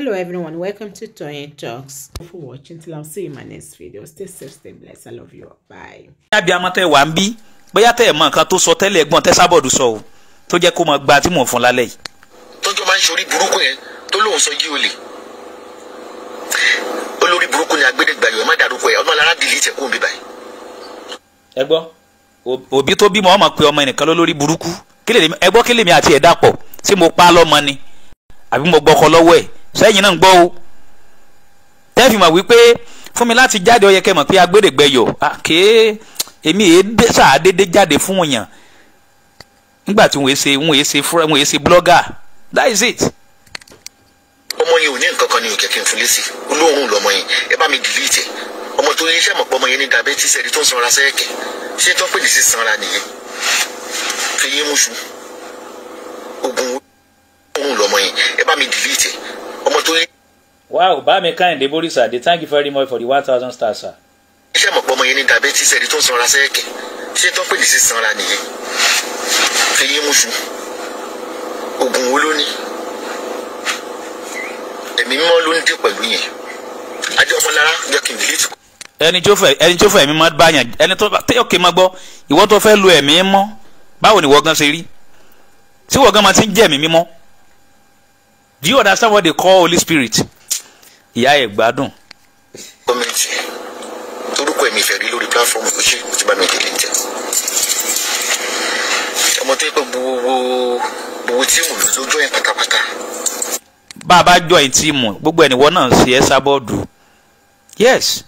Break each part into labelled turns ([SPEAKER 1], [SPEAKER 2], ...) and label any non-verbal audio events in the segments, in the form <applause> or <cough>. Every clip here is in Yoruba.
[SPEAKER 1] hello everyone welcome to Toyin Talks Thank you for watching till I see you in my next video stay safe
[SPEAKER 2] stay blessed i love you
[SPEAKER 1] bye. yàbí amọ tẹ wà ń bí bóyá tẹ ẹ mọ nǹkan tó sọ tẹ́lẹ̀ ẹ̀gbọ́n tẹ sábọọdù sọ o tó jẹ́ kó mọ gba tí mò ń fún lálẹ́ yìí.
[SPEAKER 2] tọ́jú máa ń ṣe burúkú yẹn tó lóun sọ yí olè olórí burúkú ni agbẹ́dẹ́gbàyò ẹ̀ má dárúkọ ẹ̀ ọmọ alára dìlì tẹ̀ kó ń bí báyìí.
[SPEAKER 1] ẹ gbọ́ òbí tó bímọ ọmọ pé ọmọ ẹnìkan lólórí burúkú ẹ kí lèmi àti ẹ̀ dàpọ̀ tí mo pa á lọ́mọ ni àbí mo gbọ́kọ lọ́wọ́ ẹ̀ sẹ́yìn náà ń gbọ́ o tẹ́fì mọ̀ wípé fún mi láti jáde ó yẹ kẹ́ mọ̀ pé agbẹ́dẹ̀gbẹ́ yọ̀ àké èmi èé sàdédé jáde fún òyàn nígbà tí wọ́n ṣe wọ́n ṣe wọ́n ṣe blogger that is it.
[SPEAKER 2] ọmọ yẹn ò ní nǹkan kan ní òkè kí n fún lésì olóòórùn lọmọ yẹn ẹ bá mi dìlíìtì ọmọ tó yẹ iṣẹ́ mọ̀ pé ọmọ yẹn ní diabetes ẹni tó ń sanra sẹ́ẹ̀kẹ̀ ṣé tó ń pè ní sísanra nìyẹn fi yín mú ṣùgbọ́n.
[SPEAKER 1] wow báàmì káyìndé borí sir they thank you very much for the one thousand stars, sir.
[SPEAKER 2] iṣẹ́ mọ̀ pé ọmọ yẹn ní diabetes ẹni tó ń sanra sẹ́ẹ̀kì ṣé tó ń pè ní sísanra nìyẹn fi yín mú su oògùn wo ló ní ẹ̀mí mímọ́ ló ń dé pẹ̀lú yẹn ajé ọmọlára jẹ́ kí n dìlítì.
[SPEAKER 1] ẹni tó fẹ́ ẹni tó fẹ́ ẹ̀mí máa bá yàn ẹni tó tẹ́yọ̀ kí n máa gbọ́ ìwọ tó fẹ́ lu ẹ̀mí mọ́ báwo ni ìwọ gan ṣe rí tí ìwọ gan máa ti ń jẹ́ ẹ̀mí mímọ́ do you understand what they call holy spirit ìyá ẹ̀ gbádùn.
[SPEAKER 2] gọ́ọ̀mẹ̀ntì torúkọ ẹ̀mí ìfẹ́ rí lórí pílàfọ́ọ̀mù ó ṣe ó ti bá mi délé jẹ ọmọ tó yẹ pé gbogbo gbogbo tíìmù ló jọ yẹn pátápátá.
[SPEAKER 1] bá a bá jọ ẹ̀ tíìmù gbogbo ẹ̀nìwọ́ náà ń ṣe ẹ́ sábọ́ọ̀dù yes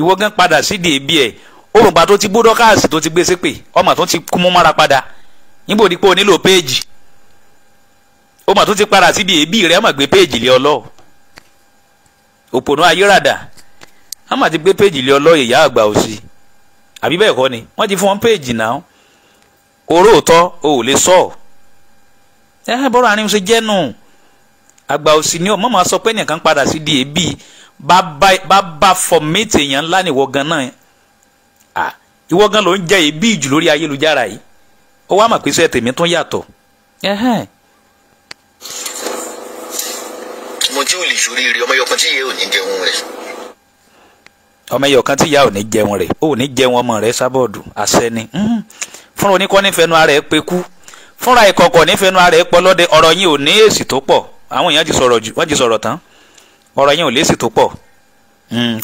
[SPEAKER 1] ìwọ gan padà sídìí ebi ẹ̀ òrùngbà tó ti gbódọ́ káàsì tó ti gbé sépè ọmọ tó ti kú mú mára padà níbo ni pé o nílò péèjì ó mà tún ti padà síbi èébì rẹ ó mà gbé péèjì lé ọlọ́ọ̀ òpònú ayérada a máa ti gbé péjì lé ọlọ́yè ìyá àgbà òsì àbí bẹ́ẹ̀ kọ́ ni wọ́n ti fún wọn péjì náà oró òótọ́ o ò lè sọ ẹ bọ́rọ̀ àárín ṣe jẹ́ nù àgbà òsì ni ọmọ máa sọ pé nìkan padà sí di èébì bá bá fọmẹ́tì èèyàn ńlá nìwọ gan náà ìwọ gan ló ń jẹ èébì jù lórí ayélujára yìí ó wá mà pé sẹ́ẹ̀ tèmi tún yàtọ̀.
[SPEAKER 2] mo tí ò lè sórí rẹ ọmọ yọkan tí ìyá ò ní jẹun rẹ.
[SPEAKER 1] ọmọ yọkan tí ìyá ò ní jẹun rẹ ò ní jẹun ọmọ rẹ sábọọdù àṣẹ ni hmm. fúnra oníkọ́ nífẹ̀ẹ́nu ara ẹ pé kú fúnra ìkọ̀kọ̀ nífẹ̀ẹ́nu ara ẹ pọ̀ lọ́dẹ ọ̀rọ̀ yín ò ní èsì tó pọ̀ àwọn èèyàn ti sọ̀rọ̀ jù wọ́n ti sọ̀rọ̀ tán ọ̀rọ̀ yín ò lésì hmm, tó pọ̀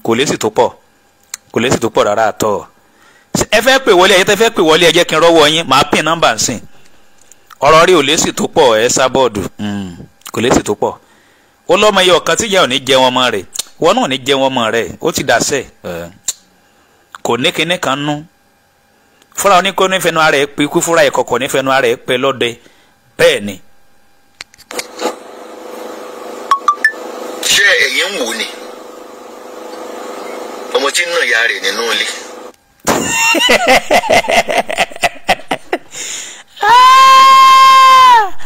[SPEAKER 1] kò lésì tó pọ̀ kò lésì tó pọ̀ rárá àtọ̀ ẹ fẹ́ pè wọlé ẹ tẹ́ fẹ́ pè wọlé ẹ jẹ́ kí n rọ́wọ́ yín màá pín nọ́mbà ń sìn rí ò lésì tó pọ̀ ẹ sábọ́ọ̀dù hmm, kò lésì tó pọ̀ ó lọ́mọ iye ọ̀kan tíjà ò ní jẹ wọn mọ rẹ̀ wọn náà ní jẹ wọn mọ rẹ̀ ó ti dàsẹ̀ kò ní kinní kan nú fúnra oníkó nífẹ̀ẹ́nu ara ẹ̀ pé ikú fúnra ẹ̀ kọ̀kọ̀ nífẹ̀ẹ́nu ara ẹ̀ pé lọ́dẹ bẹ́ẹ̀ ni.
[SPEAKER 2] ṣé ẹ̀yin ń wò ni ọmọ tí ń nà ya rẹ̀ nínú ilé. <laughs>
[SPEAKER 1] Ah!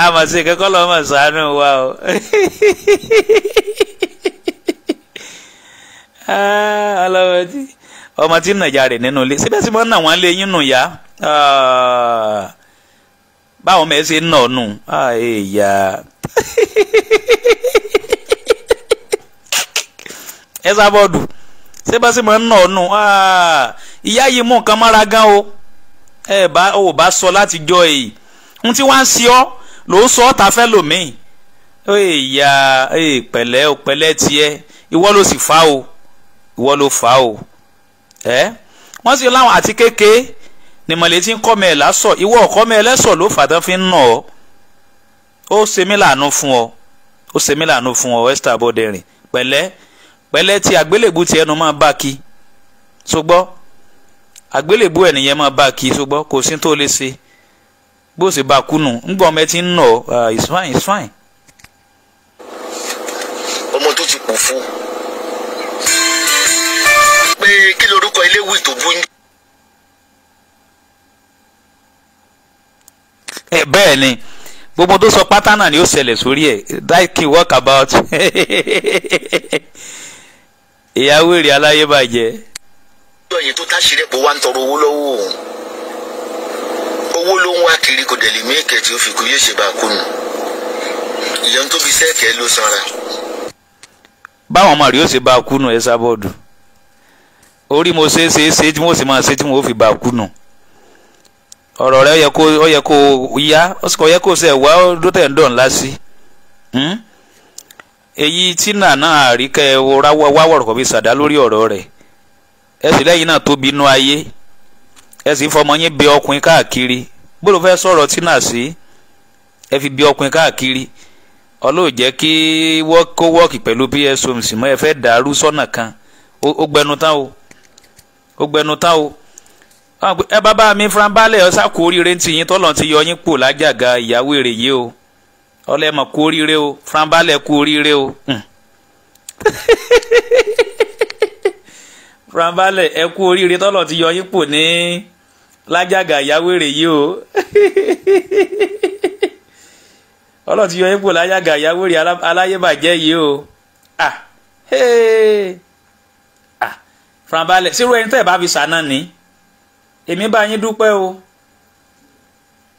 [SPEAKER 1] àmọ́ sí kẹ́kọ́ lọ́ mọ̀ sànú wa o <laughs> ah, ọlọ́mọdé ọmọ tí ń nàjà rẹ̀ nínú ilé síbẹ̀ síbẹ̀ nà wọ́n lé yín nù yá ah, báwọn mẹ́ẹ̀ ṣe ń nà ọ́nù ẹ̀yà ah, <laughs> ẹ sábọ́ọ̀dù síbẹ̀ síbẹ̀ ń nà ọ́nù ìyá yìí mú nǹkan mọ́ra gan o ẹ bá ò bá sọ láti jọ èyí ń tí wọ́n ń ṣe ọ́ ló sọ ọ́ ta fẹ́ lòmíì ó ìyá pẹ̀lẹ́ ó pẹ̀lẹ́ tiẹ̀ ìwọ ló sì fa o ìwọ ló fa o ẹ wọ́n sì láwọn àti kéke nìmọ̀lẹ́ tí ń kọ́ mẹ́ ẹ̀ lásọ̀ ìwọ ọ̀kọ́ mẹ́ ẹ lẹ́sọ̀ ló fàtán fi ń nà ọ́ ó ṣe mí làánú fún ọ ó ṣe mí làánú fún ọ Esther Aboderin pẹ̀lẹ́ pẹ̀lẹ́ tí àgbélébù tí ẹnu máa bá kí ṣùgbọ́n àgbélébù ẹ̀ máa bá kí ṣùgbọ́n kò sí tó lè ṣe. bó ṣe bá kú nù ńgbọ́n ọmọ ti ń nà ọ it's fine it's fine.
[SPEAKER 2] ọmọ tó ti kù fún pé kí lorúkọ eléwì tó bú.
[SPEAKER 1] ẹ bẹ́ẹ̀ ni gbogbo tó sọ pátá náà ni ó ṣẹlẹ̀ sórí ẹ̀ that can work about <laughs> ìyàwó èrè aláyé bàjẹ́.
[SPEAKER 2] ìjọ yìí tó táṣìírẹ́ pé wá ń tọrọ owó lọ́wọ́ òun. owó ló ń wá kiri kò dẹ̀ lè mí ìkẹ́ tí ó fi kú yóò ṣe bá a kú nù ìyẹn tó fi sẹ́ẹ̀kẹ́ ló sanra.
[SPEAKER 1] báwọn ọmọ rẹ yóò ṣe bá a kú nù ẹ sábọ́ọ̀dù orí mo ṣe é ṣe é ṣe tí mo sì máa ṣe tí mo fi bá a kú nù ọ̀rọ̀ rẹ ó yẹ kó ó yẹ kó yẹ kó ṣe wá dótẹ̀ ń dọ̀ ńlá hmm? èyí tí nànà àríkẹ́ wáwọ̀rọ̀ kò fi ṣàdá lórí ọ̀rọ̀ rẹ̀ ẹ sì lẹ́yìn náà tóbi inú ayé ẹ sì fọmọ yín bẹ ọkùnrin káàkiri bóòlù fẹ́ sọ̀rọ̀ tínà sí ẹ fi bí ọkùnrin káàkiri ọlọ́ọ̀ jẹ́ kí kó wọ́ọ̀kì pẹ̀lú PS si mọ́ ẹ fẹ́ dàrú sọ́nà kan ó gbẹnu tán o ó gbẹnu tán o ẹ mi fúnra balẹ̀ ọ sá kú oríire yín tọ́lọ̀ ti yọ yín pò lájàga ìyàwó o o fúnra balẹ̀ o <laughs> fúnra balẹ̀ ẹ ti yọ yín pò ní. lájàgà ìyáwèrè yìí o <laughs> ọlọ́run ti yọ yín kúrò lájàgà ìyáwèrè aláyébàjẹ́ yìí o ah hey ah farabalẹ̀ sírú ẹni tẹ́ ẹ̀ bá fi sànà ni èmi bá yín dúpẹ́ o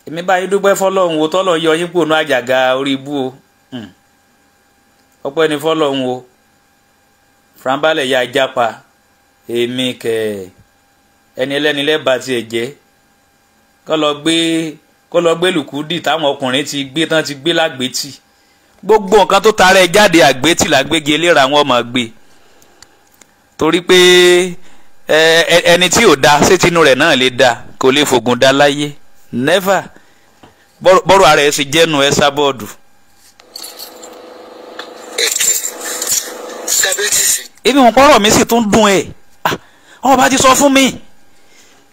[SPEAKER 1] èmi bá yín dúpẹ́ fọlọ́run o tọ́lọ́ yọ yín kúrò ní àjàgà orí ibú o hmm. ọpẹ́ ni fọlọ́run o farabalẹ̀ ya jápa èmi kẹ́ẹ̀ ẹni ẹlẹ́ni lẹ́ba tiẹ̀ jẹ́ kó lọ gbé kó lọ gbé lùkúdì táwọn ọkùnrin ti gbé tán ti gbé lágbétì gbogbo nǹkan tó tara ẹ jáde àgbétì làgbégi eléra wọn máa gbé torí pé ẹni tí ò da ṣé tinú rẹ̀ náà lè da kò lè fògùn da láyé never bọ́rọ̀ ara ẹ̀ sì jẹ́nu ẹ sábọ́ọ̀dù. ibi wọn kọ́ ọ̀rọ̀ mi sì tún dùn ẹ̀ ah, ọ bá ti sọ fún mi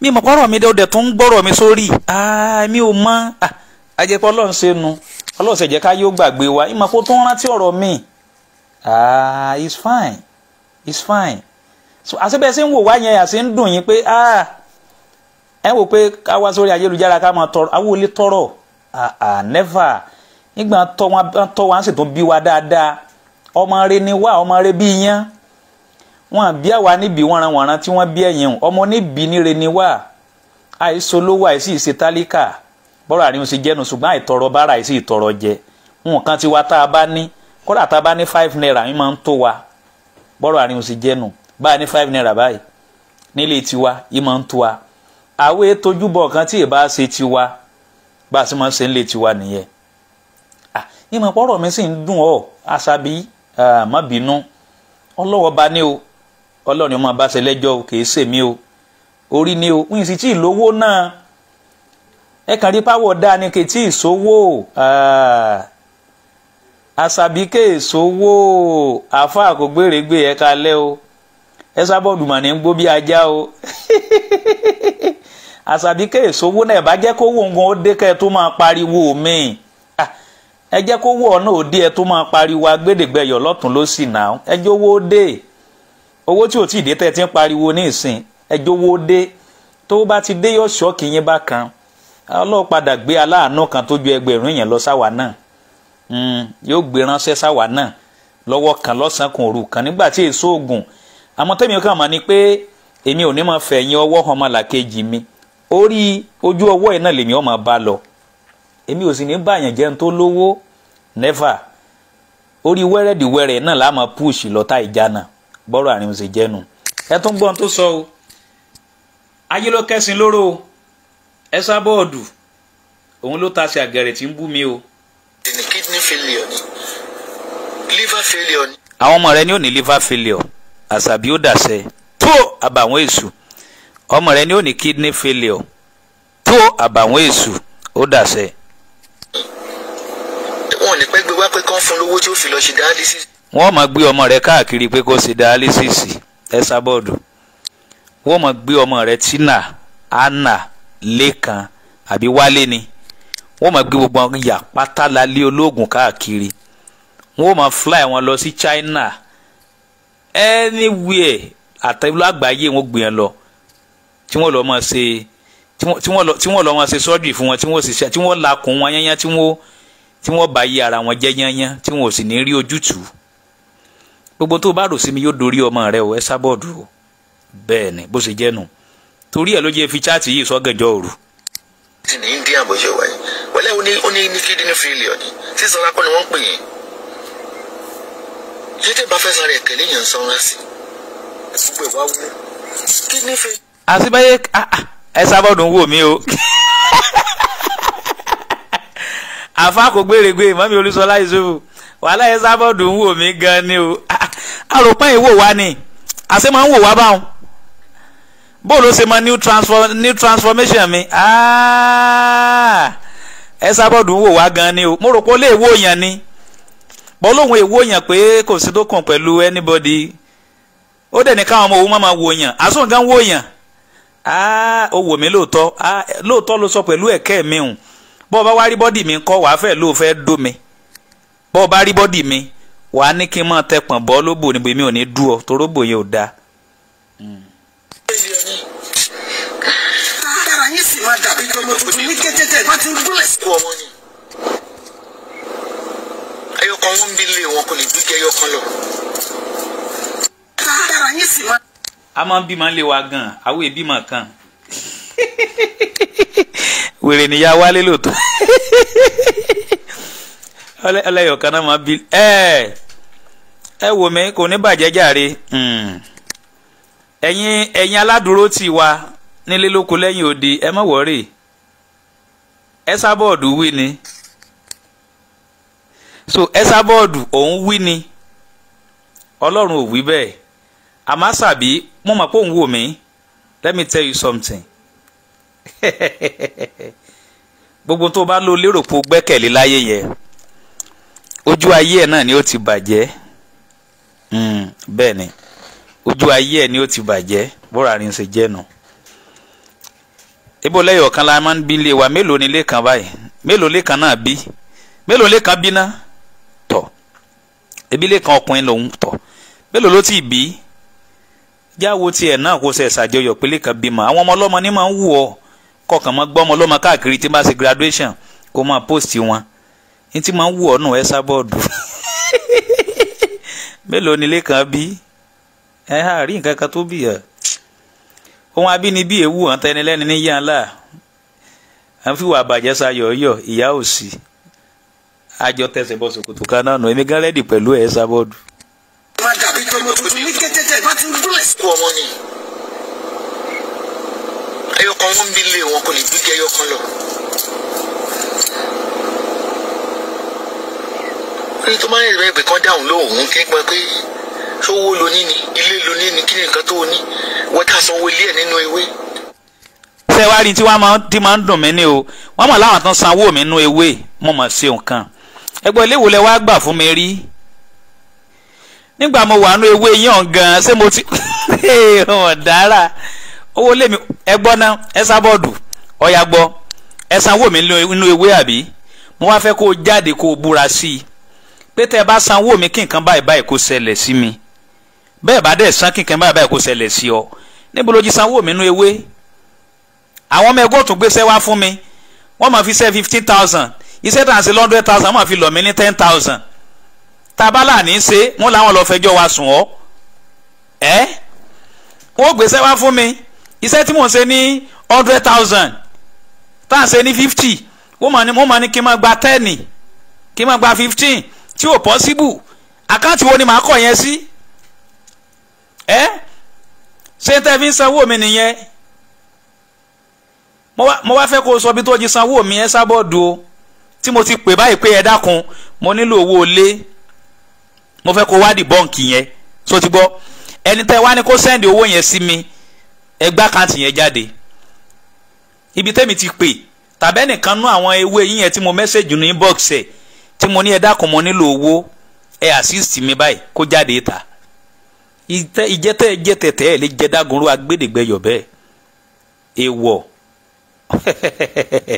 [SPEAKER 1] mi mọ̀ kọ́rọ̀ mi dẹ́wọ́dẹ̀ tó ń gbọ́rọ̀ mi sórí ah, mi ò mọ̀ àjẹpọ̀ ah, ọlọ́run ṣe nu ọlọ́run ṣe jẹ́ ká yóò gbàgbé wa ìmọ̀ kó tó ń rántí ọ̀rọ̀ mi ah, it's fine it's fine so àṣebẹ̀ ṣe ń wò wá yẹn àṣe ń dùn yín pé ẹ wò pé ká wá sórí ayélujára ká máa tọrọ àwọn tọrọ never nígbà tọ́ wọn sì tún bí wa dáadáa ọmọ rẹ ni wá ọmọ rẹ bí yẹn wọn bí àwa níbi wọ̀nranwọ̀nran tí wọ́n bí ẹ̀yìn ọmọ níbi níre ni wá àìsó ló wà àìsí ìṣe tálíkà bọ́rọ̀ àríwọ̀n ṣe jẹ́nu ṣùgbọ́n àìtọrọ bára àìsí ìtọrọ jẹ nǹkan tiwa tá a bá ní kódà tá a bá ní five naira mi máa ń tó wa bọ́rọ̀ àríwọ̀n ṣe jẹ́nu bá a ní five naira báyìí nílé tiwa yìí máa ń tó wa àwé tojúbọ kan tí ìbá ṣe tiwa bá a sì máa ń ṣe nílé tiwa nìyẹn ìmọ̀ pọ̀rọ̀ mi sì ń dùn ọ́ àṣàbí ọlọ́wọ́ bá ní o ọlọ́run ọmọ abáṣe lẹ́jọ́ o kìí ṣèmi o orí ni o wíyìn sí tí ìlówó náà ẹ kàn rí pàwọ̀ dáa ni kì í tí ìṣòwò ah. àṣàbíkè ìṣòwò àfa àkógbèrègbè ẹ kalẹ́ o ẹ sábọ̀ dùmọ̀nì ń gbó bí ajá o <laughs> àṣàbíkè ìṣòwò náà ẹ bá jẹ́ kó wò ń gan ó dé kẹ́ ẹ tó máa pariwo míì ah. ẹ jẹ́ kó wọ̀ ọ́ náà ó dé ẹ tó máa pariwo agbẹ́dẹ́gbẹ́yọ̀ lọ́tún ló sì náà ẹ jẹ́ owó dé owó tí ò tí ì dé tẹ́ ti ń pariwo ní ìsìn ẹjọ́ owó dé tó bá ti dé yóò ṣọ́ọ̀kì yín bá kan ọlọ́run padà gbé aláàánú kan tó ju ẹgbẹ̀rún yẹn lọ sáwa náà hmm, yóò gbé ránṣẹ́ sáwa náà lọ́wọ́ kan lọ́sàn-án kan òru kan nígbà tí èso oògùn àmọ́ tẹ́mi kan mọ̀ ni pé èmi ò ní máa fẹ̀yìn ọwọ́ ọmọ làkejì mi orí ojú ọwọ́ yìí náà lèmi ọmọ bá lọ èmi ò sì ní bàyàn jẹun tó lówó never orí wẹ́rẹ́dìwẹ́rẹ́ náà la máa push lọ́tà ìjà bọ́rọ̀ àrùn ṣe jẹ́nu ẹ tún gbọ́n tó sọ o ayé ló kẹ́sìn lóró o ẹ sábọ́ ọ̀dù òun ló ta sí àgẹ̀rẹ̀ tí ń bú mi o.
[SPEAKER 2] kidney failure
[SPEAKER 1] liver failure ni. àwọn ọmọ rẹ ni ó ní liver failure àṣàbí ó dàṣẹ tó àbàwọn èṣù ọmọ rẹ ni ó ní kidney failure tó àbàwọn èṣù ó dàṣẹ.
[SPEAKER 2] wọn ò ní pẹ́ gbé wá pé kán fún lówó tí ó fi lọ ṣe dialysis
[SPEAKER 1] wọ́n máa gbé ọmọ rẹ káàkiri pé kó ṣe dialysis ẹsàbọọdù wọ́n máa gbé ọmọ rẹ tina anna lẹ́kan àbí wálé ni wọ́n máa gbé gbogbo àwọn ìyá pátálalé olóògùn káàkiri wọ́n máa fly wọn lọ sí China anywhere àtẹ̀wé àgbáyé wọ́n gbé yẹn lọ tí wọ́n lọ máa ṣe tí wọ́n lọ máa ṣe surgery fún wọn tí wọ́n sì ṣe tí wọ́n lakùn wọn yányán tí wọ́n bá yí ara wọn jẹ́ yányán tí wọ́n ò sì ní rí ojútùú gbogbo tó o bá rò sí mi yóò dorí ọmọ rẹ o ẹ sábọ̀dù o bẹ́ẹ̀ ni bó ṣe jẹ́ nu torí ẹ̀ ló jẹ́ fi chaati yìí sọ́gànjọ́ òru.
[SPEAKER 2] ti ní india bó ṣe wáyé wẹ́lẹ́ ó ní ó ní kidney failure ni sísanra kọ́ ni wọ́n ń pè yín ṣé tẹ́ bá fẹ́ sanra ẹ̀kẹ́ léèyàn sanra sí gbogbo ìwà wú kidney failure.
[SPEAKER 1] àṣìbáyé ah, ah, ẹ sábọ̀dù ń wò mí o àfa kò gbèrègbè mọ́mi olúṣọlá ìṣòwò wàhálà ẹ sábọ̀dù ń wò mí gan ni o. Ah, àròpọ̀ ìwò wa ni àṣẹ máa ń wò wá báwọn bóòlù ṣe máa new transform new transformation mi ẹ sábọ̀dù wò wá gan ni o mo rò pé ó lè wò yàn ni bọ́ lóun èwo yàn pé kò sí tó kàn pẹ̀lú anybody ó dẹ̀ ní káwọn ọmọ òun máa wò yàn àsùn gan wò yàn ó wò mí lóòótọ́ lóòótọ́ sọ pẹ̀lú ẹ̀kẹ́ mi hùn bọ́ọ̀ bá wá rí mi kọ́ wàá fẹ́ lóò fẹ́ dó mi bọ́ọ̀ bá rí bọ́dì mi wà á ní kí n máa tẹpọ̀n bọ́ lóbò níbo èmi ò ní dú ọ tó róbò yẹn ò dáa.
[SPEAKER 2] dára wọn bí lé wọn kò lè dúkìá ẹyọkan lọ.
[SPEAKER 1] a máa ń bímọ lé wa gan àwọn èbímọ kan <laughs> wèrè nìyá wálé lóòótọ́ <laughs> ọlẹ́yọ̀kan náà máa bí ẹ́ẹ̀ ẹ wò mí kò ní bàjẹ́ jàre hmm. ẹ̀yin ẹ̀yin aládùúró tì wá nílé lóko lẹ́yìn odi ẹ má wọ́rì ẹ sábọ́ọ̀dù wí ni so ẹ sábọ́ọ̀dù òun wí ni ọlọ́run ò wí bẹ́ẹ̀ àmọ́ sàbí mo mọ̀ pé òun wò mí let me tell you something <laughs> gbogbo tó bá lò lérò pé o gbẹ́kẹ̀lé láyé yẹn ojú ayé ẹ̀ náà ni ó ti bàjẹ́. Hmm. bẹ́ẹ̀ ni ojú ayé ẹ̀ ni ó ti bàjẹ́ bóra ni ṣe jẹ́ nu ibo lẹ́yìn ọ̀kan la máa ń bí wa mélòó ni ilé kan báyìí mélòó ilé kan náà bí mélòó ilé kan bí tọ̀ ebi ilé kan ọkùnrin lòun tọ̀ mélòó ló ti bí jáwo tiẹ̀ náà ṣe ṣàjọyọ̀ pé ilé kan bímọ ni máa ń wù ọ́ kọkàn máa gbọ́ ọmọ ọlọ́mọ káàkiri graduation kó máa post wọn ní máa ń wù nù mélòó nílé kan bí ẹ hà rí nǹkan kan tó bì yà ohun abínibí èwù hàn tẹnilẹ́ni ní yànlá à ń fìwà àbàjẹ́ sayọ̀ yọ̀ ìyá òsì àjọ tẹsẹ̀ bọ́ sòkòtò kan náà nù èmi gan pẹ̀lú ẹ̀ sábọ́ọ̀dù.
[SPEAKER 2] má wọn bí lé wọn kò lè dúdú ẹyọkan lọ. pé tó máa ń rẹ̀ pé kán dáhùn lóhùn kí n pa pé ṣówó loní ni ilé loní ni kí ni nǹkan tó ní wọ́tà sanwó ilé ẹ̀ nínú ewé.
[SPEAKER 1] ṣé wàá rí tí wàá máa tí máa ń dùn mí ni o wọ́n mọ̀ láwọn tán sanwó mi nú ewé mo mọ̀ sí nǹkan ẹgbẹ́ ilé ìwòlẹ̀ wàá gbà fún mi rí nígbà mo wà nú ewé yàn gan ṣé mo ti ọ̀dára <laughs> owó lèmi ẹ gbọ́ ná ẹ sábọ́ọ̀dù ọ̀yà gbọ́ ẹ sanwó mi nú ewé àbí mo wá fẹ́ kó jáde kó búra sí i pé tẹ́ ẹ bá sanwó mi kí nǹkan báyìí báyìí kó ṣẹlẹ̀ sí mi bẹ́ẹ̀ bá dẹ̀ san kí nǹkan báyìí báyìí kó ṣẹlẹ̀ sí ọ níbo ló ti sanwó mi nú ewé àwọn ọmọ ẹgbẹ́ òtún gbéṣẹ́ wá fún mi wọ́n máa fi ṣe fifteen thousand iṣẹ́ tà ń ṣe thousand wọ́n máa fi lọ̀ mí ní ten thousand tabala ní í ṣe wọ́n làwọn lọ́ọ́ fẹjọ́ wa sùn ọ́ ẹ́ wọ́n gbéṣẹ́ wá fún mi iṣẹ́ tí mò ń ṣe ní hundred thousand tá à ní fifty wọ́n máa ní kí n máa gba ten kí n máa gba fifteen tí o possible àkáǹtì wo ni màá kọ̀ yẹn sí ẹ ṣé tẹ́ fi ń sanwó mi nìyẹn mo wá fẹ́ kó o sọ bí tó jí sanwó mi ẹ sábọ́ọ̀dù o tí mo ti pè báyìí pé ẹ dákun mo nílò owó ilé mo fẹ́ kó wádìí bọ́ǹkì yẹn so ti gbọ́ ẹni tẹ́ wá ní kó sẹ́ndì owó yẹn sí mi ẹ gbá àkáǹtì yẹn jáde ibi tẹ́mi ti pè tàbẹ́nìkan nú àwọn ewé yín tí mo mẹ́sẹ̀jì ní inbox ẹ̀ tí mo ní ẹ dákun mo nílò owó ẹ assist mi báyìí kó jáde ta ìjẹtẹ ìjẹtẹtẹ ẹ lè jẹ dágunrú agbẹdẹgbẹyọ bẹ́ẹ̀ èèwọ̀.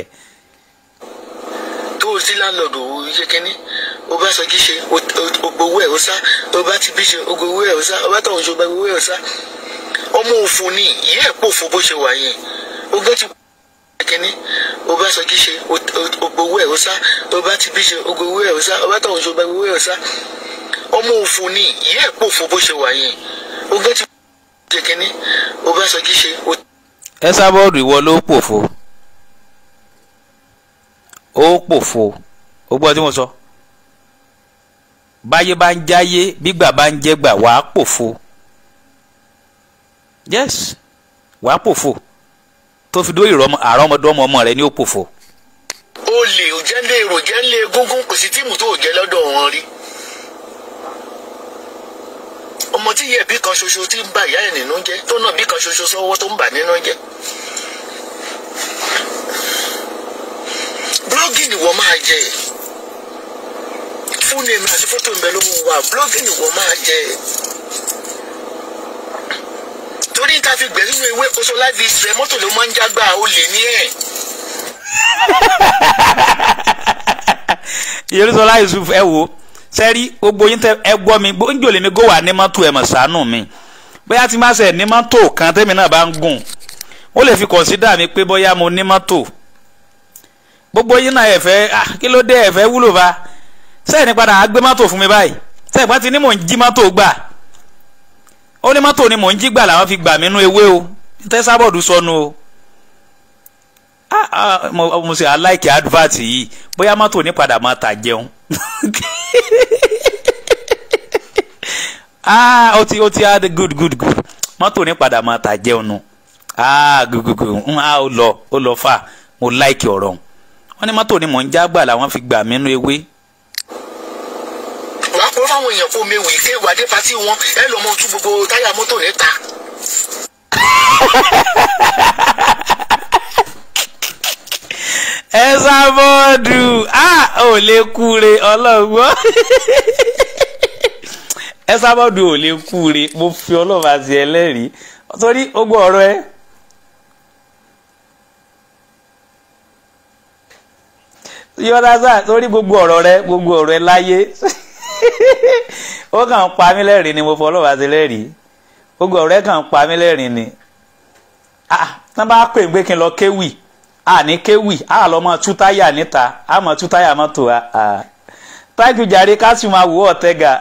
[SPEAKER 1] <laughs>
[SPEAKER 2] tó o sí láńlọ́ọ̀dù òwò ṣe kínní o bá sọ jíṣe o gbowó ẹ̀ o sá o bá ti bí ṣe o gbowó ẹ̀ o sá o bá tọ̀hún ṣe o bá gbowó ẹ̀ o sá ọmọ òfò ni ìyá ẹ̀ pòfo bó ṣe wà yẹn o gbé ti kíní o bá sọjí ṣe o gbowó ẹ̀ o sá o bá ti bí ṣe o gbowó ẹ̀ o sá o bá tọ̀hún ṣe o bá gbowó ẹ̀ o sá ọmọ òfò ni ìyá ẹ̀ pò fò bó ṣe wà yìí o gbé tí ṣe kíní o bá sọjí ṣe o.
[SPEAKER 1] ẹ sábọ́ọ̀dù ìwọ ló pòfo ó pòfo ó gbọ́ tí mo sọ báyé bá ń jáyé bígbà bá ń jẹ́gbà wàá pòfo yes wàá pòfo tó fi dóyè àrọ́mọdọ́mọ ọmọ rẹ ní òpòfò.
[SPEAKER 2] o lè jẹ́ lé èrò jẹ́ lé egungun kò sí tíìmù tó jẹ́ lọ́dọ̀ wọn rí ọmọ tí yẹ bí kan ṣoṣo tí ń ba ìyá ẹ̀ nínú jẹ́ tó náà bí kan ṣoṣo sọ́wọ́ tó ń bà nínú jẹ́. blogging ni wọ́n máa jẹ fún name àti fọ́tò ń bẹ lówó wa blogging wọ́n máa jẹ torí ta fi gbẹ̀rú ewé oṣù láti ìṣẹ̀ mọ́tò ló máa ń jágbá olè ní ẹ̀.
[SPEAKER 1] Yerusola <laughs> Yusuf ẹ wo sẹ́rí gbogbo yín tẹ ẹ gbọ́ mi gbóńjò lèmi gòwà ní mọ́tò ẹ̀ mọ̀ sànù mi bóyá tí n bá ṣe ní mọ́tò kan tẹ́mi náà bá ń gùn ó lè fi kọ̀ǹsídà mi pé bóyá mo ní mọ́tò gbogbo yín náà ẹ fẹ́ kí ló dé ẹ fẹ́ wúlò bá sẹ́yìn padà á gbé mọ́tò fún mi báyìí sẹ́yìn bá ti ní mò ń jí mọ́tò gbà ó ní mọ́tò ni mò ń jí gbà làwọn fi gbà mí nú ewé o tẹ́ sábọ̀dù sọnù o mo ṣe aláìkè advert yìí bóyá mọ́tò ní padà máa tà jẹun <laughs> ó ti ó ti á good good good mọ́tò ní padà máa tà jẹun nu gugugu ó lọ ó lọ fà mo láìkè ọ̀rọ̀ wọn ní mọ́tò ni mò ń já gbà làwọn fi gbà mí nú ewé
[SPEAKER 2] wàá kó fáwọn èèyàn kó mewì kéwà dé patí wọn ẹ lọ mọ ojú gbogbo táyà mọ́tò níta. ẹ
[SPEAKER 1] sábọ́ọ̀dù a ò lè kúre ọlọ́gbọ́n ẹ sábọ́ọ̀dù ò lè kúre mo fi ọlọ́run àti ẹlẹ́rìí torí ó ọ̀rọ̀ ẹ. yọ̀ọ́dá sáà torí gbogbo ọ̀rọ̀ rẹ gbogbo ọ̀rọ̀ ẹ láyé.
[SPEAKER 3] <laughs>
[SPEAKER 1] ó kàn ń pa mí lẹ́rìn ni mo fọlọ́wà sí lẹ́rìn gbogbo ọ̀rẹ́ kàn ń pa mí lẹ́rìn ni ah, tán bá pè pé kí n lọ kéwì àní kéwì á lọ mọ tú táyà níta á mọ tú táyà mọ́tò wa a jàre ká máa wò ó ọ̀tẹ́gà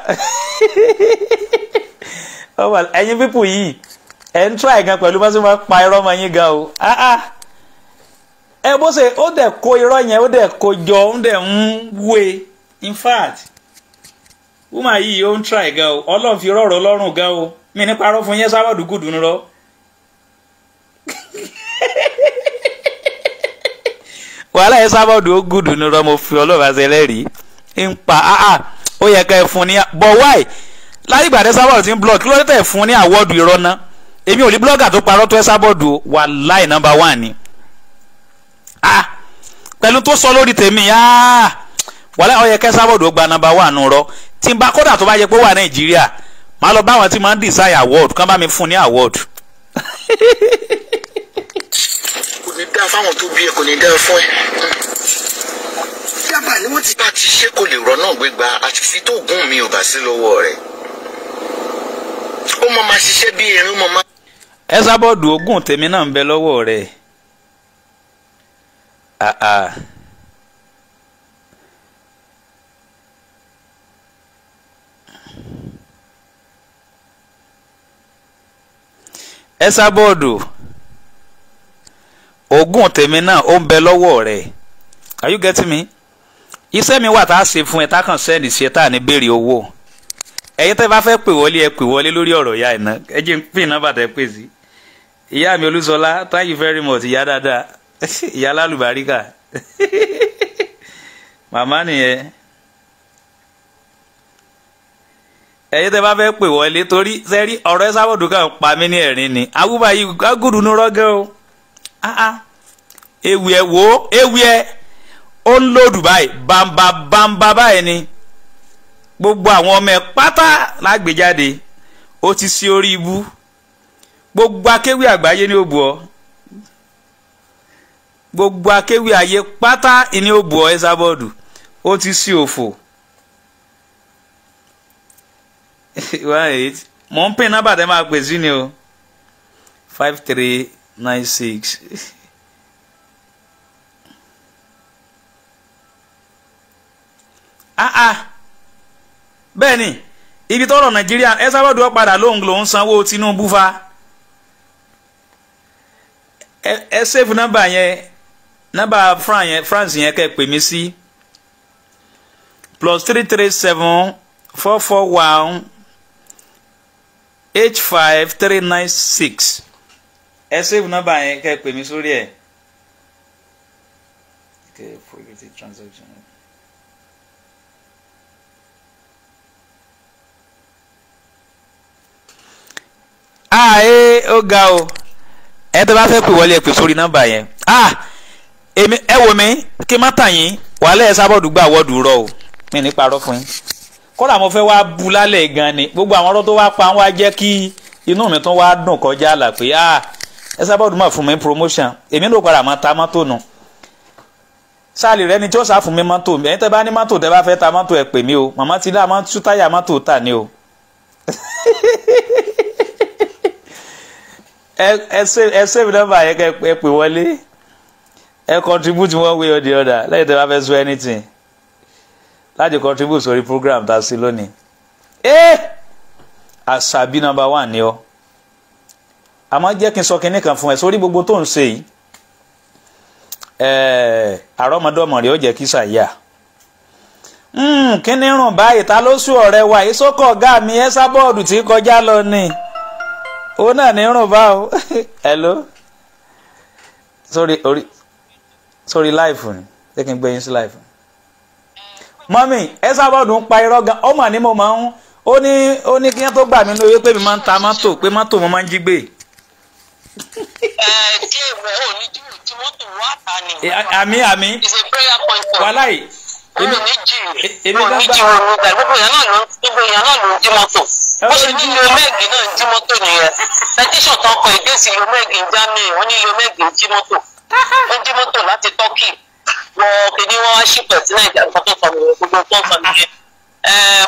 [SPEAKER 1] <laughs> ẹ̀yin pípù yìí ẹ̀ ń tíra ìgan pẹ̀lú máa gan o ah, ah. ẹ bó ṣe ó dẹ̀ kó irọ́ yẹn ó jọ ó dẹ̀ ń wé woman yìí ó ń try gan o ọlọ́run fi rọ̀rọ̀ lọ́rùn gan o mi ní parọ́ fún yẹn sábàdù gùdù ń rọ. <laughs> wàhálà yẹn sábàdù ó gùdù ń rọ mo fi ọlọ́run àti ẹlẹ́rìí ń pa áà ah, ah, ó yẹ ká ẹ fún ní but why láyé ìgbà tẹ sábàdù ti ń blog kí ló dé tẹ̀ fún ní àwọ́dù irọ́ èmi ò rí blogger tó parọ́ tó ẹ sábàdù wàláì number one ni. ah pẹ̀lú tó sọ lórí tèmi ah wàhálà ó yẹ ká ẹ sábàdù ó gba number one rọ tí n bá kódà tó bá yẹ pé wà nàìjíríà màá lọ bá àwọn tí màá design award kán bá mi fún ní award.
[SPEAKER 2] kò ní dáa fáwọn tó bí ẹ kò ní dáa fún ẹ dábàá ni wọ́n ti bá ti ṣe kò lè rọ náà gbégbá àti tó gún mi ò bá sí lọ́wọ́ rẹ̀ ó mọ máa ṣiṣẹ́ bí irin mọ máa.
[SPEAKER 1] ẹ sábọ̀dù ogún tèmi náà ń bẹ lọ́wọ́ rẹ̀. Ah, ah. ẹsà bọ́ọ̀dù ogún tèmi náà ó ń bẹ lọ́wọ́ rẹ̀ are you getting me iṣẹ́ mi wà tá a ṣe fún ẹ tá a kàn sẹ́ẹ̀dì sí ẹ tá a ní béèrè owó ẹ̀yin tẹ́ bá fẹ́ pè wọlé ẹ pè wọlé lórí ọ̀rọ̀ ìyá ìná ẹ jẹ́ pín nọ́mbà tẹ́ pè sí ìyá mi olúṣọlá thank you very much ìyá dáadáa <laughs> ìyá lálùbáríkà <laughs> màmá nìyẹn. ẹ̀yin tẹ́ bá fẹ́ pè wọlé torí sẹ́rí ọ̀rọ̀ ẹ sábọ̀dù kan pa mí ní ẹ̀rín ni awúbá yìí gágùdù ní rọ́gẹ́ o ewì ẹ wò ó ewì ẹ ó ń lòdù báyìí bàǹbà bàǹbà báyìí ni gbogbo àwọn ọmọ ẹ pátá lágbèjáde ó ti sí orí ibú gbogbo akéwì àgbáyé ní òbú ọ gbogbo akéwì ayé pátá ní òbú ọ ẹ ó ti sí òfò. one <laughs> eight mò ń pín nọ́mbà tẹ́ máa pè sí ni o five three nine six. <laughs> ah ah bẹ́ẹ̀ ni ibi tọ́rọ̀ nàìjíríà ẹ sábàdù ọ̀padà lóhùn lòún sanwó tinubu fa ẹ ẹ save nọ́mbà yẹn nọ́mbà france yẹn kẹ́ pè mí sí plus three three seven four four one. H five three nine six ẹ save nọ́mbà yẹn kẹ́ ẹ pè mí sórí ẹ̀ transaction.
[SPEAKER 2] ààyè ah, ó ga o
[SPEAKER 1] ẹ tó bá fẹ́ pè wọlé ẹ pè sórí nọ́mbà yẹn ah, ẹ wò mí kí n má tàn yín wàhálà ẹ sábọ̀dù gbà wọ́ọ̀dù rọ o mi ní parọ́ fún yín kódà mo fẹ́ wá bu lálẹ́ gan ni gbogbo àwọn ọ̀rọ̀ tó wá pa wá jẹ́ kí inú mi tún wá dùn kọjá àlà pé ah ẹ sábàdùn máa fún mi promotion èmi ló padà máa ta mọ́tò nù sáàlì rẹ ni tí ó sá fún mi mọ́tò mi ẹ̀yin tẹ́ bá ní mọ́tò tẹ́ bá fẹ́ ta mọ́tò ẹ̀ pè mí o màmá ti dá tú táyà mọ́tò tà ní o <laughs> ẹ save nọ́mbà yẹn kẹ́ ẹ pè wọlé ẹ contribute one way or the other lẹ́yìn tẹ́ bá fẹ́ sọ anything láti contribute sórí program tá a sí lónìí ee eh! àṣàbí number one ni ọ àmọ́ jẹ́ kí n sọ kinní kan fún ẹ sórí gbogbo tó ń ṣe yìí eh, àrọ́mọdọ́mọ rẹ̀ ó jẹ́ kí sàyà hmm, kíní rùn báyìí ta ló sùn ọ̀rẹ́ wa ìsókọ̀ ọ̀gá mi ẹ sábọ́ọ̀dù tí kọjá lọ ni òun náà ní rùn bá o <laughs> hello sorry orí sorry life ni jẹ́ kí n gbé sí life mọ́mì ẹ sábọ̀dù ń pa irọ́ gan ọmọ ni mo máa ń ó ní ó ní kí wọ́n tó gbà mí lóye pé mi máa ń ta mọ́tò pé mọ́tò mo máa ń jí gbé. àmì àmì
[SPEAKER 3] wàláì èmi eh, èmi bá bá gbogbo yẹn náà ló ń gbogbo yẹn náà ló ń jí mọ́tò ó ṣe ní yomegi náà ń jí mọ́tò nìyẹn pẹtíṣọ̀ tán ìgbésí yomegi ń já mi ní yomegi ń jí mọ́tò ó ń jí mọ́tò láti tọ́kì wọ́n kìíní wọ́n wá ṣìpẹ̀ sí nàìjíríà kan tó fọmọ ìwé gbogbo tó fọmọ ìwé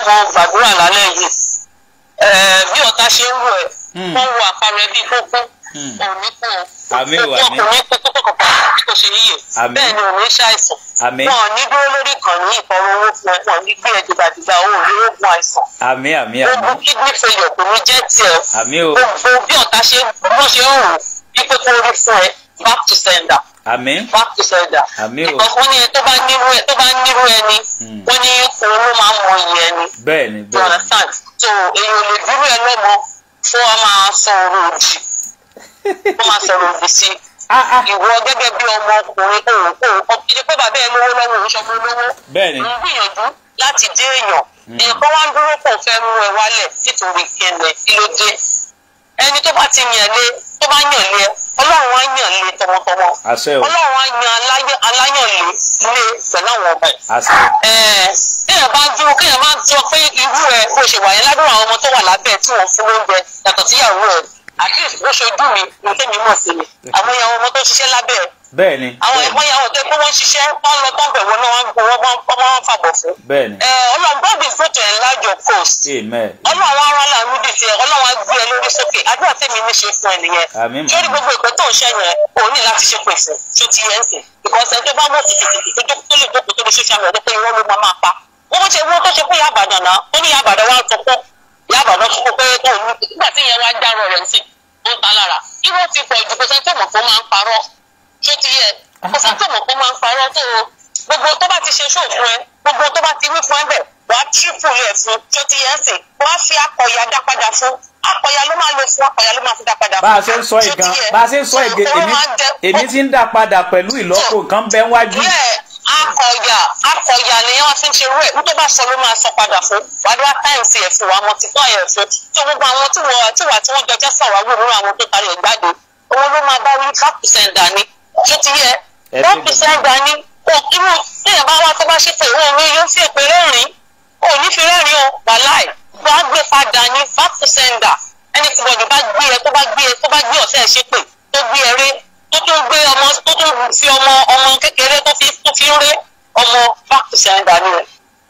[SPEAKER 3] mo gbàdúrà lálẹ́ yìí bí ọ̀tá ṣe ń rò ẹ́ kó wo àpárẹ bíi kókó òní kú òní kú òní kú kókòkò kò sí yíyẹ bẹ́ẹ̀ ni òní ṣàìsàn wọn ò ní dúró lórí ìkànnì ìfọwọ́ owó fún ẹ wọn ò ní gbé ẹ dìgbàdìgbà owó ní oògùn àìsàn gbogbo kídìní fẹyọ kò ní jẹ́ tiẹ̀ gbogbo bí ọ̀tá ṣe ń rò wípé kó rí fún ẹ back to sender àmín. má fi sọdà. o. because wọ́n ní tó bá nírú ẹ tó bá nírú ẹni. wọ́n hmm. ní òun ló máa ń mọ iye ẹni.
[SPEAKER 1] bẹ́ẹ̀ni bẹ́ẹ̀ni. you understand
[SPEAKER 3] so èyàn lè dúró ẹ lọ́mọ fún wa máa sọ̀rọ̀ òdì wọ́n máa sọ̀rọ̀ òdì sí ah, ah. ìwọ gẹ́gẹ́ bí ọmọ ọkùnrin òun òun ọkùnrin pé bàbá ẹ lówó lọ́wọ́ òun ṣọmọ olówó. bẹ́ẹ̀ni. ń gbìyànjú láti dé èèyàn hmm. èèyàn kan wá ń dúró kò ọlọ́run á yàn lé tọmọtọmọ ọlọ́run á yan aláyàn lé lé pẹ̀lú àwọn ọmọ ẹ̀. kéèyàn bá dúró kéèyàn bá jọ pé irú ẹ bó ṣe wà yẹn ládùn àwọn ọmọ tó wà lábẹ́ tí wọ́n fún lóúnjẹ yàtọ̀ síyàwó ẹ̀ àti bó ṣe dùn mí ní kémi mọ̀ sí mi àwọn ìyàwó ọmọ tó ṣiṣẹ́ lábẹ́ ẹ̀.
[SPEAKER 1] bẹ́ẹ̀ni àwọn
[SPEAKER 3] ẹ̀gbọ́n ìyàwó tó kó wọn ṣiṣẹ́ wọn lọ tán bẹ̀wọ̀ náà wọn gbowó wọn wọn fàbọ̀ fún. bẹ́ẹ̀ni ọlọ́run bọ́ọ̀dì fòtò ẹ̀ lájọ coast. ọlọ́run ará làrúdì tiẹ̀ ọlọ́run á gbé ẹ lórí sọ àdúrà tèmi ní ṣe fún ẹ nìyẹn lórí gbogbo ìpẹ́ tó ń ṣe yẹn òun ní láti ṣe pèsè ṣó ti yẹn sìn ìkọsẹ̀ tó bá wọ̀ tìtìtìtì tó tó lè jókòó tó lè ṣóṣà mẹ́rin pé ìwọ́n ló máa máa pa wọ́n ṣe wọ́n tó ṣe fún ìyá àbàdàn náà ó ní ìyá àbàdàn wá ń sọ fún àbàdàn tó pé tó ní nígbà tí ìyẹn wá ń rẹ̀ sí ó ń ta lára irọ́ ti pọ̀ ju gbogbo tó bá ti ṣe ṣó fún ẹ gbogbo tó bá ti wí fún ẹ bẹ̀ wàá tírípù rẹ̀ fún ṣó ti yẹ ń wàá fi akọ̀yà dá padà fún apọ̀yà ló máa lọ fún apọ̀yà ló máa fi dá padà. bá a ṣe ń sọ ìgan bá
[SPEAKER 1] a ṣe ń sọ ègè èmi èmi ti ń dá padà pẹ̀lú ìlọ́po nǹkan bẹ́ẹ̀ wájú. bẹ́ẹ̀
[SPEAKER 3] akọ̀yà akọ̀yà ni wọ́n fi ń ṣe irú ẹ̀ nítorí bá sọ ló máa sọ padà fún wàdúrà táìmùsì ẹ̀ fún wa mo ti tọ́ ẹ̀ fún tí gbogbo àwọn tí wọ́n tí wà tí wọ́n jọjọ́ sọ̀rọ̀ àwọn òmùrà àwọn tó parí ìgbàdé owó ló máa bá wí five percent dání tó ti yẹ five percent dání òkú irú téèyàn bá wá tó bá ṣe pé òun mi yóò fi èpè lẹ́rìn-ín òní fi rẹ́ gbé padà ní back to sender ẹni tí bọ̀dọ̀ bá gbé ẹ tó bá gbé ẹ tó bá gbé ọ̀sẹ̀ ṣe pé tó gbé ẹ rí tó tó gbé ọmọ tó tó fi ọmọ ọmọ kékeré tó fi tó fi rí ọmọ back to sender ni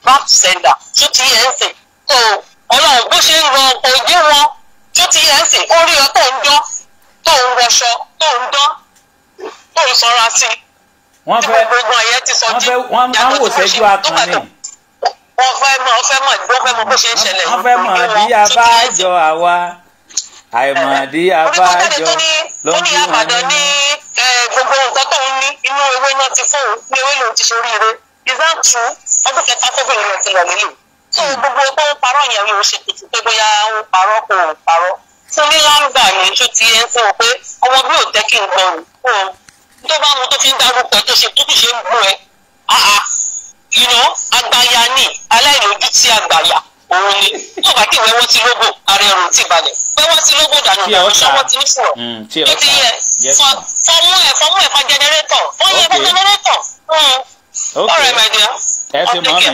[SPEAKER 3] back to sender tó ti yẹn sìn kò ọlọ́run bó ṣe ń rọ òye wọn tó ti yẹn sìn ó rí ọ tó ń dán tó ń rọṣọ tó ń dán tó ń sọra sí i wọ́n fẹ́ wọ́n fẹ́ wọ́n á wò sẹ́jú akànnì wọ́n fẹ́ mọ̀ wọ́n fẹ́ mọ̀ wọ́n fẹ́ mọ̀ bó ṣe ń ṣẹlẹ̀ wọ́n fẹ́ mọ̀
[SPEAKER 1] bí a bá jọ àwa àìmọ̀dí abájọ ló ń bí
[SPEAKER 3] wọn ní. gbogbo nǹkan tó ń ní inú ewé náà ti fún un ní ewé lòun ti ṣe oríire ìzá tu ọdún kẹta tó bẹ̀rẹ̀ lọ ti lọ nílò. tó gbogbo tó ń parọ́ yẹn yóò ṣe tètè pé bóyá ó parọ́ kò parọ́. fún ní láńgbà ní tó ti ẹ ń fún un pé ọmọ bí ò tẹ́ kí n kó o tó bá mu tó fi ń darúgbó tó ṣe tó fi ṣe ń gbọ́ ẹ. Ah, ah àgbáyà ni aláìlójú tí àgbáyà òun ni yóò bá kí wẹ́wọ́ ti lógò ara ẹ̀rù ti balẹ̀ wẹ́wọ́ ti lógò dànù ṣọwọ́ ti ní fún ọ títí yẹ fọmú ẹ fọmú ẹ fọ jẹnẹrétọ̀ fọyín ẹ fọ jẹnẹrétọ̀ ọ̀rẹ́ mm. my dear
[SPEAKER 1] ẹ ṣe mọ́ mi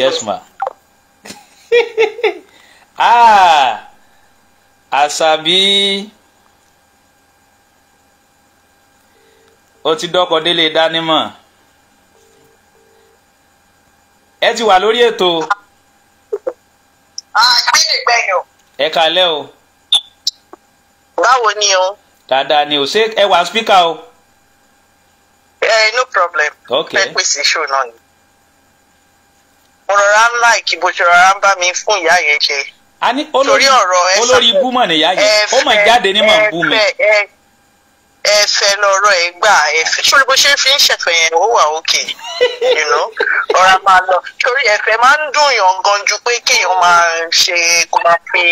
[SPEAKER 1] yes ma <laughs> ah àṣàbí o ti dọ́kọ̀ délé dánimọ̀ ẹ ti wà lórí ètò. Ah, ẹ kalẹ́ o.
[SPEAKER 2] báwo ni o.
[SPEAKER 1] dáadáa ni o ṣé ẹ wà spíkà o.
[SPEAKER 2] ẹ eh, no problem. ok ẹ pèsè ṣó náà ni. mo rọra ń láìkí bó ṣe rọra ń bá mi fún ìyá yẹn jẹ. a ní olórí olórí búmọ̀ nìyá yẹn ó mọ̀ jáde ní mọ̀ bú mi. ẹ fẹ́ ẹ ẹ̀fẹ̀ lọ́rọ̀ ẹ̀ gbà ẹ̀fẹ̀ sórí bó ṣe fi ń ṣẹ̀fẹ̀ yẹn ó wà òkè ọ̀rá máa lọ sórí ẹ̀fẹ̀ máa ń dùn yàn gan ju pé kéèyàn máa ṣe kó máa fi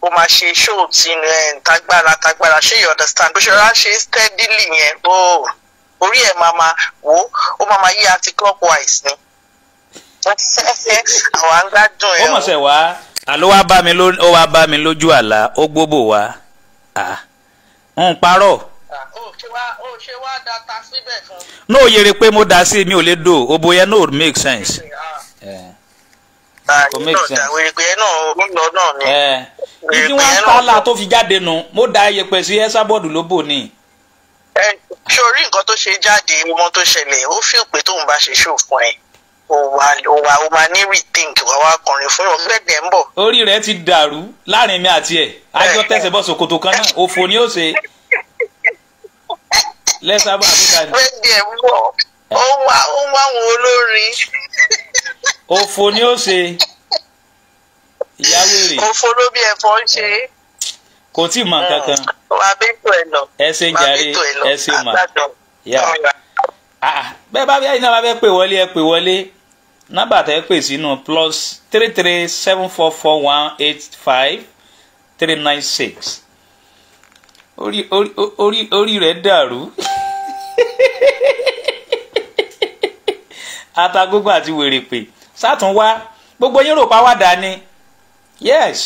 [SPEAKER 2] kó máa ṣe ṣóò tinú ẹ̀ eh, tágbára tágbára ṣé you understand bó ṣe rà ṣe steadily yẹn ó orí ẹ̀ máa máa wò ó máa máa yí àti clockwise ni <laughs> àwa ń gbádùn ẹ̀ o. ó mọ̀ sẹ̀
[SPEAKER 1] wá àló wá bá mi lójú àlá ó gbóbò wá à ń parọ́ ní òyèrè pé mo dà sí mi ò lè dò òbò yẹn no make sense. Ah, eh. kò make sense. ìdí eh. wọn tálà tó fi jáde nù mo da iyẹ̀pẹ̀ sí ẹsábọọdù ló bò ní.
[SPEAKER 2] sórí eh, nǹkan tó ṣe jáde wọn tó ṣẹlẹ̀ ó fi pé tóun bá ṣe ṣòfò ẹ̀ òwà òwà ó máa ní rethink wà wá kọrin fún yàn gbẹdẹ ń bọ̀.
[SPEAKER 1] orí rẹ ti dàrú láàrin mi àti ẹ àjọ tẹsẹ̀ bọ ṣòkòtò kan náà òfò ni ó ṣe lẹ́sàbọ̀ àbúkà
[SPEAKER 3] ni.
[SPEAKER 2] wẹ́ẹ̀dì ẹ̀ wọ̀ ó wá ó wá àwọn olórin.
[SPEAKER 1] òfò ni ó ṣe ìyáwó èrè. òfò
[SPEAKER 2] ló bí ẹ̀fọ́ ń ṣe.
[SPEAKER 1] kò tí ì mọ nǹkan
[SPEAKER 2] wà á bẹ́tò ẹ̀ lọ.
[SPEAKER 1] ẹ ṣe jàre ẹ ṣe mà. Ah, ah. bẹ́ẹ̀ bá bẹ́ẹ̀ iná bá bẹ́ẹ̀ pè wọlé ẹ pè wọlé nọ́mbà tẹ́ pè sínú plus three three seven four four one eight five three nine six. orí orí orí rẹ̀ dàrú atagogo àti wèrèpè sátún gbogbo yín rò pàwádà ni yes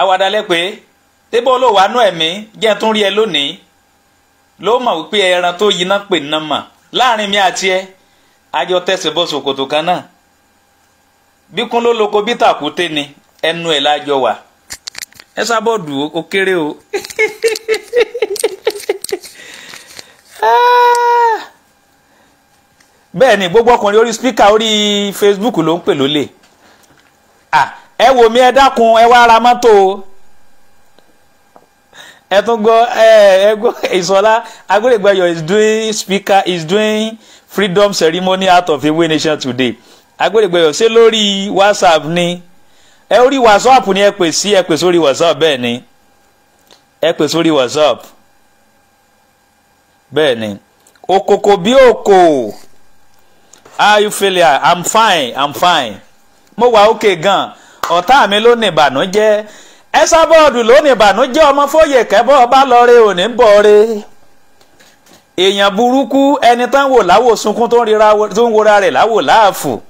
[SPEAKER 1] àwàdà lẹ́pẹ́ débò ló wà nú ẹ̀mí jẹ́ tún rí ẹ lónìí ló mọ̀ wípé ẹran tó yiná pè ná mà láàrin mi àti ẹ ajọ tẹsẹ̀ bọ́ ṣòkòtò kan náà bíkún ló loko bí ni ẹnu ẹ lájọ wà. ẹ sábọ́ọ̀dù ó kéré o ah! bẹ́ẹ̀ ni gbogbo ọkùnrin orí spíkà orí Facebook ló ń pè lólè ah, ẹ wò mí ẹ dákun ẹ wá ra mọ́tò ẹ tún gbọ́ ẹ gbọ́ ìsọlá agbóregbẹ̀yọ is doing speaker is doing freedom ceremony out of Iwe Nation today agbóregbẹ̀yọ ṣé lórí WhatsApp ni ẹ orí whatsapp ni ẹ pè sí ẹ pè sórí whatsapp bẹ́ẹ̀ ni ẹ pè sórí whatsapp bẹ́ẹ̀ ni okoko bí oko how you feel ya i'm fine i'm fine mo wà òkè gan ọ̀tá mi ló ní ìbànújẹ́ ẹ̀sà bọ́ọ̀dù ló ní ìbànújẹ́ ọmọ fóyè kẹ́bọ́ ọba lọ́ọ́rẹ́ òní bọ́ọ̀rẹ́ èèyàn burúkú ẹni tán wò láwò sunkún tó ń wora rẹ̀ láwò láàfù. La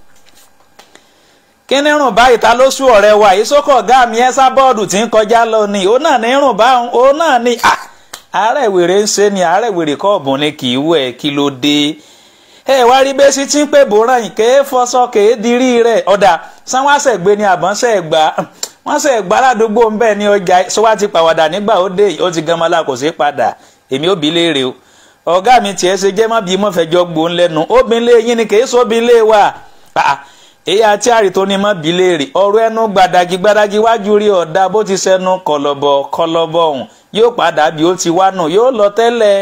[SPEAKER 1] kíní rùn báyìí ta ló sú ọ̀rẹ́ wa yìí ọ̀gá mi ẹ sá bọ́ọ̀dù tí ń kọjá lọ ni òun náà ní rùn bá òun náà ni àárẹ̀ wèrè ni kì í kí ló dé ẹ wá rí tí ń pè bóra yìí kéé ni gbà wọ́n gbà ládùúgbò ń bẹ̀ ní ọjà sọ́wọ́ ti nígbà ó ti kò sí padà èmi o ọ̀gá mi tiẹ̀ ṣe jẹ́ mọ́ bí mo fẹ́ jọ gbòó lẹ́nu obìnrin ni èyí àti àrì tó ní mọ́ bí léèrè ọ̀rọ̀ ẹnu gbàdàgì gbàdàgì wájú rí ọ̀dà bó ti sẹnu kọlọ̀bọ̀ kọlọ̀bọ̀ ọ̀hún yóò padà bí ó ti wá nù yóò lọ tẹ́lẹ̀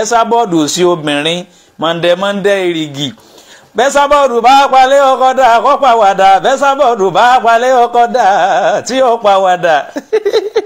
[SPEAKER 1] ẹ̀sábọ́ọ̀dù sí obìnrin mọ̀ndẹ̀mọ̀ndẹ̀ ìrìgì bẹ́sábọ́ọ̀dù bá palẹ̀ ọkọ̀ dà kọ́ pàwàdà bẹ́sábọ́ọ̀dù bá palẹ̀ ọkọ̀ dà tí ó pàwàdà <laughs>